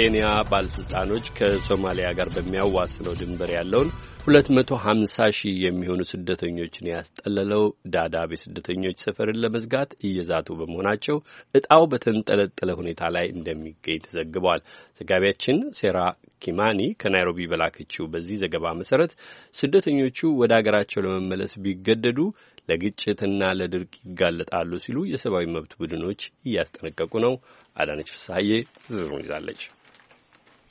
የኬንያ ባለሥልጣኖች ከሶማሊያ ጋር በሚያዋስነው ድንበር ያለውን 250 ሺህ የሚሆኑ ስደተኞችን ያስጠለለው ዳዳብ የስደተኞች ሰፈርን ለመዝጋት እየዛቱ በመሆናቸው እጣው በተንጠለጠለ ሁኔታ ላይ እንደሚገኝ ተዘግቧል። ዘጋቢያችን ሴራ ኪማኒ ከናይሮቢ በላከችው በዚህ ዘገባ መሰረት ስደተኞቹ ወደ አገራቸው ለመመለስ ቢገደዱ ለግጭትና ለድርቅ ይጋለጣሉ ሲሉ የሰብአዊ መብት ቡድኖች እያስጠነቀቁ ነው። አዳነች ፍሳሐዬ ዝርዝሩን ይዛለች።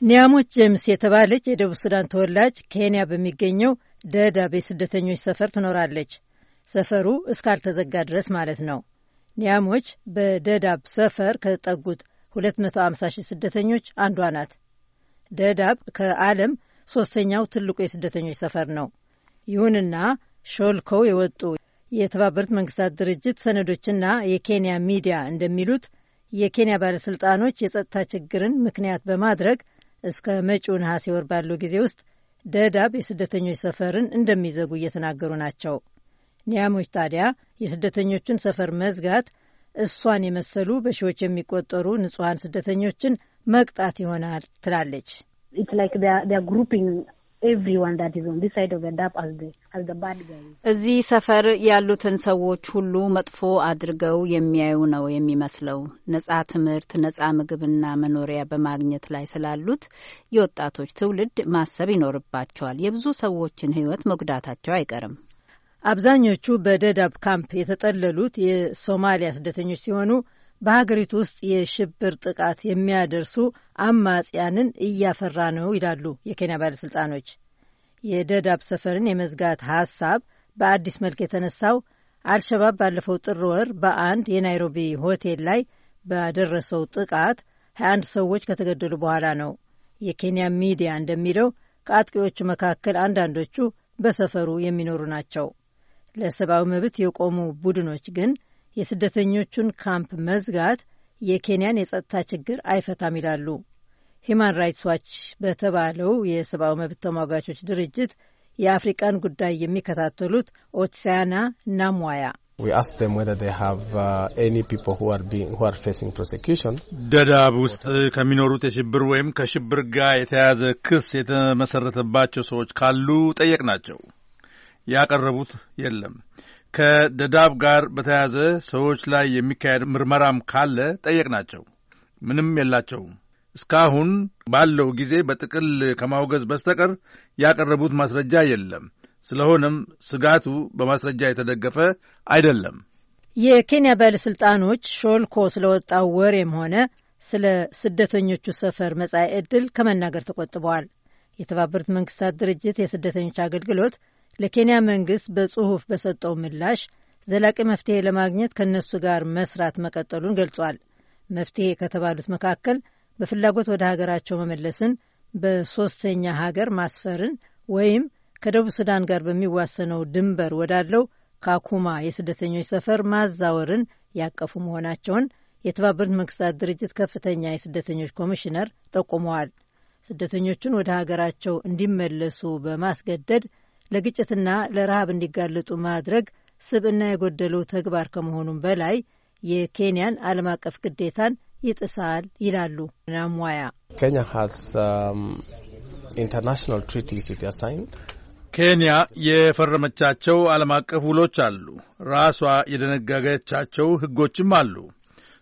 ኒያሞች ጄምስ የተባለች የደቡብ ሱዳን ተወላጅ ኬንያ በሚገኘው ደዳብ የስደተኞች ሰፈር ትኖራለች። ሰፈሩ እስካልተዘጋ ድረስ ማለት ነው። ኒያሞች በደዳብ ሰፈር ከጠጉት 250 ሺህ ስደተኞች አንዷ ናት። ደዳብ ከዓለም ሶስተኛው ትልቁ የስደተኞች ሰፈር ነው። ይሁንና ሾልከው የወጡ የተባበሩት መንግስታት ድርጅት ሰነዶችና የኬንያ ሚዲያ እንደሚሉት የኬንያ ባለሥልጣኖች የጸጥታ ችግርን ምክንያት በማድረግ እስከ መጪው ነሐሴ ወር ባለው ጊዜ ውስጥ ደዳብ የስደተኞች ሰፈርን እንደሚዘጉ እየተናገሩ ናቸው። ኒያሞች ታዲያ የስደተኞችን ሰፈር መዝጋት እሷን የመሰሉ በሺዎች የሚቆጠሩ ንጹሐን ስደተኞችን መቅጣት ይሆናል ትላለች። እዚህ ሰፈር ያሉትን ሰዎች ሁሉ መጥፎ አድርገው የሚያዩ ነው የሚመስለው። ነጻ ትምህርት፣ ነጻ ምግብና መኖሪያ በማግኘት ላይ ስላሉት የወጣቶች ትውልድ ማሰብ ይኖርባቸዋል። የብዙ ሰዎችን ሕይወት መጉዳታቸው አይቀርም። አብዛኞቹ በደዳብ ካምፕ የተጠለሉት የሶማሊያ ስደተኞች ሲሆኑ በሀገሪቱ ውስጥ የሽብር ጥቃት የሚያደርሱ አማጽያንን እያፈራ ነው ይላሉ የኬንያ ባለሥልጣኖች። የደዳብ ሰፈርን የመዝጋት ሐሳብ በአዲስ መልክ የተነሳው አልሸባብ ባለፈው ጥር ወር በአንድ የናይሮቢ ሆቴል ላይ ባደረሰው ጥቃት 21 ሰዎች ከተገደሉ በኋላ ነው። የኬንያ ሚዲያ እንደሚለው ከአጥቂዎቹ መካከል አንዳንዶቹ በሰፈሩ የሚኖሩ ናቸው። ለሰብአዊ መብት የቆሙ ቡድኖች ግን የስደተኞቹን ካምፕ መዝጋት የኬንያን የጸጥታ ችግር አይፈታም ይላሉ። ሂማን ራይትስ ዋች በተባለው የሰብአዊ መብት ተሟጋቾች ድርጅት የአፍሪቃን ጉዳይ የሚከታተሉት ኦትሳያና ናሙዋያ uh, ደዳብ ውስጥ ከሚኖሩት የሽብር ወይም ከሽብር ጋር የተያያዘ ክስ የተመሰረተባቸው ሰዎች ካሉ ጠየቅናቸው። ያቀረቡት የለም። ከደዳብ ጋር በተያያዘ ሰዎች ላይ የሚካሄድ ምርመራም ካለ ጠየቅናቸው። ምንም የላቸውም። እስካሁን ባለው ጊዜ በጥቅል ከማውገዝ በስተቀር ያቀረቡት ማስረጃ የለም። ስለሆነም ስጋቱ በማስረጃ የተደገፈ አይደለም። የኬንያ ባለሥልጣኖች ሾልኮ ስለወጣው ወሬም ሆነ ስለ ስደተኞቹ ሰፈር መጻኢ ዕድል ከመናገር ተቆጥበዋል። የተባበሩት መንግስታት ድርጅት የስደተኞች አገልግሎት ለኬንያ መንግስት በጽሑፍ በሰጠው ምላሽ ዘላቂ መፍትሄ ለማግኘት ከእነሱ ጋር መስራት መቀጠሉን ገልጿል። መፍትሄ ከተባሉት መካከል በፍላጎት ወደ ሀገራቸው መመለስን፣ በሶስተኛ ሀገር ማስፈርን ወይም ከደቡብ ሱዳን ጋር በሚዋሰነው ድንበር ወዳለው ካኩማ የስደተኞች ሰፈር ማዛወርን ያቀፉ መሆናቸውን የተባበሩት መንግስታት ድርጅት ከፍተኛ የስደተኞች ኮሚሽነር ጠቁመዋል። ስደተኞቹን ወደ ሀገራቸው እንዲመለሱ በማስገደድ ለግጭትና ለረሃብ እንዲጋለጡ ማድረግ ስብዕና የጎደለው ተግባር ከመሆኑም በላይ የኬንያን ዓለም አቀፍ ግዴታን ይጥሳል ይላሉ ናሙዋያ። um, ኬንያ የፈረመቻቸው ዓለም አቀፍ ውሎች አሉ፣ ራሷ የደነጋገቻቸው ሕጎችም አሉ።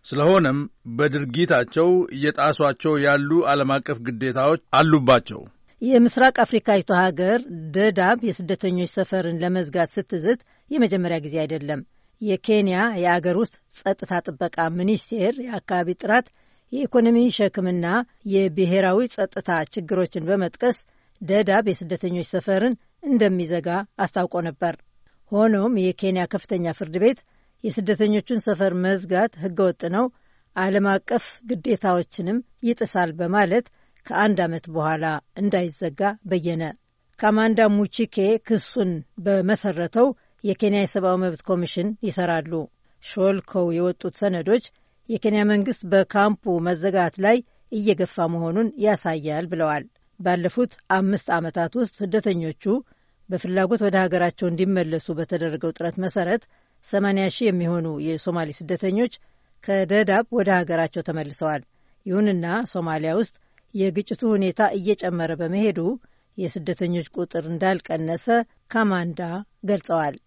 ስለሆነም በድርጊታቸው እየጣሷቸው ያሉ ዓለም አቀፍ ግዴታዎች አሉባቸው። የምስራቅ አፍሪካዊቷ ሀገር ደዳብ የስደተኞች ሰፈርን ለመዝጋት ስትዝት የመጀመሪያ ጊዜ አይደለም። የኬንያ የአገር ውስጥ ጸጥታ ጥበቃ ሚኒስቴር የአካባቢ ጥራት፣ የኢኮኖሚ ሸክምና የብሔራዊ ጸጥታ ችግሮችን በመጥቀስ ደዳብ የስደተኞች ሰፈርን እንደሚዘጋ አስታውቆ ነበር። ሆኖም የኬንያ ከፍተኛ ፍርድ ቤት የስደተኞቹን ሰፈር መዝጋት ሕገወጥ ነው፣ ዓለም አቀፍ ግዴታዎችንም ይጥሳል በማለት ከአንድ ዓመት በኋላ እንዳይዘጋ በየነ። ካማንዳ ሙቺኬ ክሱን በመሰረተው የኬንያ የሰብአዊ መብት ኮሚሽን ይሰራሉ። ሾልከው የወጡት ሰነዶች የኬንያ መንግስት በካምፑ መዘጋት ላይ እየገፋ መሆኑን ያሳያል ብለዋል። ባለፉት አምስት ዓመታት ውስጥ ስደተኞቹ በፍላጎት ወደ ሀገራቸው እንዲመለሱ በተደረገው ጥረት መሰረት 80 ሺህ የሚሆኑ የሶማሌ ስደተኞች ከደዳብ ወደ ሀገራቸው ተመልሰዋል። ይሁንና ሶማሊያ ውስጥ የግጭቱ ሁኔታ እየጨመረ በመሄዱ የስደተኞች ቁጥር እንዳልቀነሰ ካማንዳ ገልጸዋል።